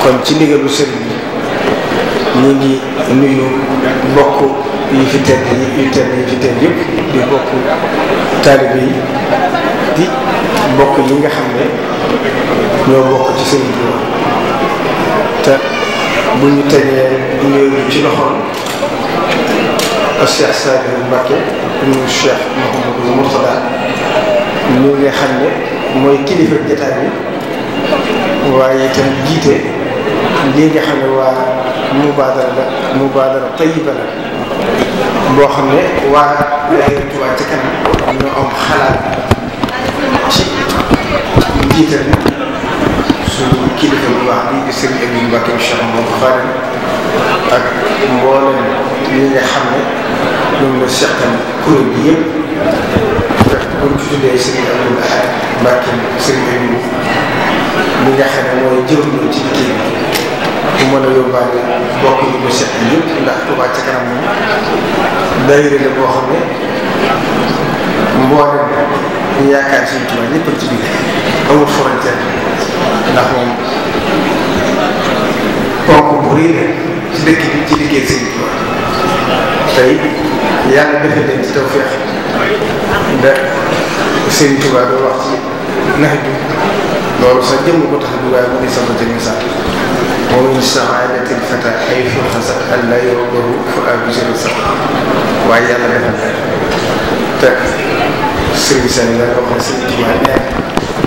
kon ci ndigalu sëriñ bi ñu ngi nuyu mbokk yi fi tedd yi fi tedd yi di bokk taalibe yi di mbokk yi nga xam ne ñoo bokk ci sëriñ bi te bu ñu tegee nuyu ci loxoom Cheikh Saliou Mbacké ñu Cheikh Mouhamadou Mourtada ñu nga xam ne mooy kilifa jotaay bi waaye itam jiite lii nga xam ne waa mubaadara la mubaadara tayiba la boo xam ne waa daayira Tuubaa ca kanam ñoo am xalaat ci njiital suñu kilifa bu baax bii di sëriñ Abdou Mbacké Cheikh Mamadou Fadel ak mboolem ñi nga xam ne ñoom la seqal kuréel bi yëpp fekk bu ñu tuddee sëriñ Abdou Mbacké sëriñ Abdou mi nga xam ne mooy jëwriñu ci liggéey bi mu mën a yóbbaale mbokk yi mu set yëpp ndax Touba ca kanam moom daayira la boo xam ne mboolem ñu yaakaar suñu Touba ñëpp ci biir amul frontière ndax liggéey seen Touba tey yàlla defee leen ci tawfeex da seen Touba doo wax ci nax loolu sax jëmm ko tax du waaye mu ngi sant jëmm sax wa min saadati lfata xaytu xasat an la yurdahu fa abisir sax waaye yàlla defal na te sëriñ Sane la wax na sëriñ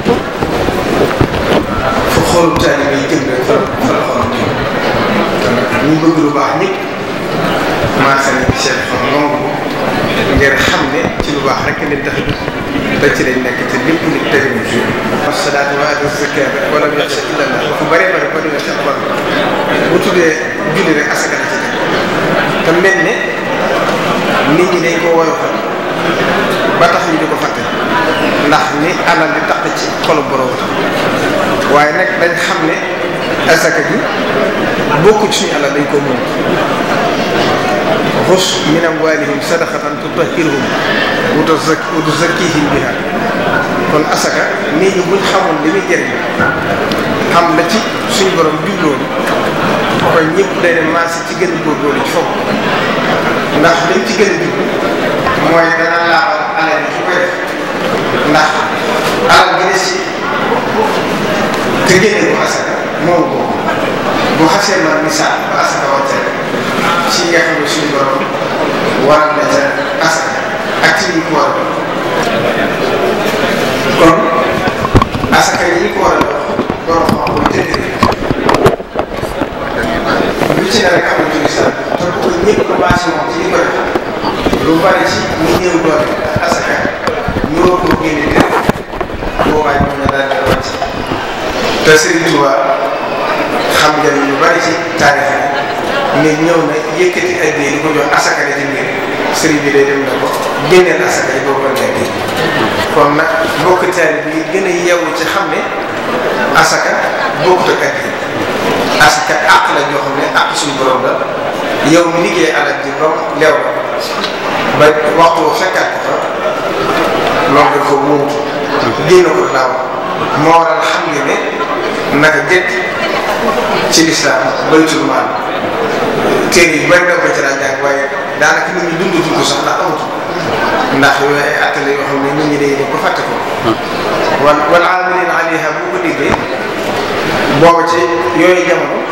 Tuubaa nee fa xool taali bi jëm rek fa fa la xool jëm ñu bëgg lu baax ñëpp maa seen seet fa noonu ngeen xam ne ci lu baax rek nit tax te ci lañ nekk te lépp nit tëri mu fi wasalaatu wa ata zakat wala bi yaxsa illa Allah tuddee julli rek asaka la ci te mel ne nit ñi dañ koo ba tax ñu di ko fàtte ndax ni alal di tax ci xolu borom waaye nag dañ xam ne asaka bi bokku ci suñu alal dañ ko moom xus min amwalihim sadaqatan tutahhiruhum wa tuzakkihim biha kon asaka nit ñi buñ xamoon li muy jëriñ xam la ci suñu borom jubloon kon ñëpp day dem marché ci gën a góorgóorlu ci foofu ndax ci gën a dugg mooy dana laabal alal yi fi koy def ndax alal gi des te génne bu asaka moom ko bu xasee man misaal ba asaka wàcce ci nga xam ne suñu na ca asaka ak ci ñu ko lu bari ci ñu néew doole asaka ñu koo génne def boobaay moom la daan dara wàcc te Serigne Touba xam nga lu bari ci taarix ne ñëw na yëkkati ay di ko jox asaka la dem na génneel asaka yi boo ko nekkee kon nag mbokk taarix bi gën a yeewu ci xam ne asaka bokkut ak asaka àq la ñoo ne àq suñu borom la. yow mi liggéey alal ji ba lew ba waxtu fekkaat ko fa loolu dañ ko wuutu génn ko laaw moo waral xam nga ne ci lislaam baytul yi bari na ko ci daan jàng waaye daanaka nit ñi dundu ko sax ndax amatul ndax yooyu ay attale yoo xam ne nit ñi day ko fàtte ko wal wal aamiliina alayha bu ko déggee booba ci yooyu jamono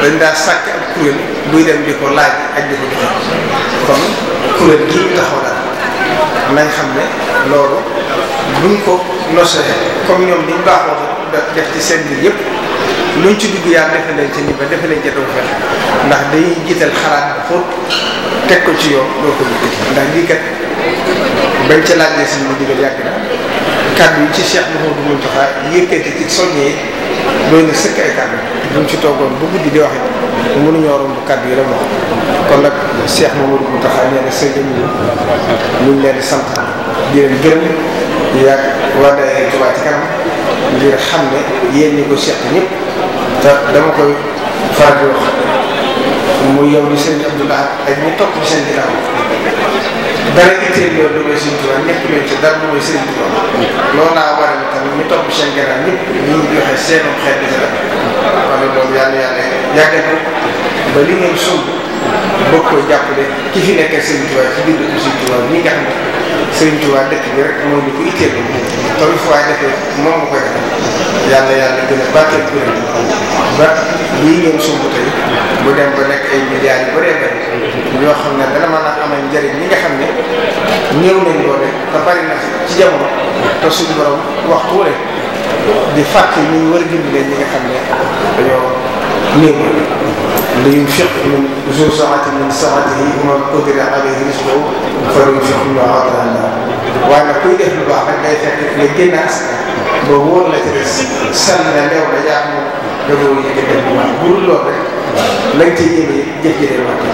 dañ daa sàkk ak kuréel buy dem di ko laaj ak di ko joxe kon kuréel gii taxaw daal nañ xam ne loolu buñ ko nosee comme ñoom liñ baaxoo def ci seen biir yëpp luñ ci dugg yaa defe leen ci ni ba defe leen ca doo fex ndax dañuy jiital xalaat bu xóot teg ko ci yoon doo ko yëkkati ndax lii kat bañ ca laajee seen mu digal yàgg na kàddu yi ci Cheikh Mouhamadou Mountakha yëkkati ci soññee doon na sëkk ay kàddu buñ ci toogoon bu guddi di wax it mënuñoo romb kàddu yi rek kon nag Cheikh Mamadou Mountakha nee na sëriñ yi ñu mu leen di sant di leen gërëm yàgg waa daayira Touba ci kanam ngir xam ne yéen ñi ko seq ñëpp te dama koy faral di wax muy yow di sëriñ ak ñi topp seen ginnaaw dara itteel yoon lu may Sëriñ Tuubaa ñëpp ci dara lu may loolu laa war a tamit ñu topp seen gannaaw ñëpp ñu joxe seen xeet di la kon loolu yàlla yàlla yàggal ba li ngeen sumb ko jàppale ki fi nekk Sëriñ Tuubaa ci biir dëkk Sëriñ Tuubaa bi rek moo ñu ko itteel tool fu waay defee moom ma koy yàlla yàlla gën a bàtteel kuréel ba lii ngeen sumb mu dem ba nekk ay milliards yu bëree yoo xam ne dana mën a amal njëriñ ñi nga xam ne ñëw nañ boole te bari na ci jamono te suñu borom waxtu wu di fàtte ñu war a dimbale ñi nga xam ne dañoo néew li yunfiq min zu saati min saatihi wa man qudira alayhi rizquhu falyunfiq mimma aataahu Allaah waaye nag kuy def lu baax rek day fekk nga génn askan ba wóor la ca des sànni na leew la yaa xam ne da nga wóor yi nga def bu baax bu dul loolu la nga cay yéene jëf ji day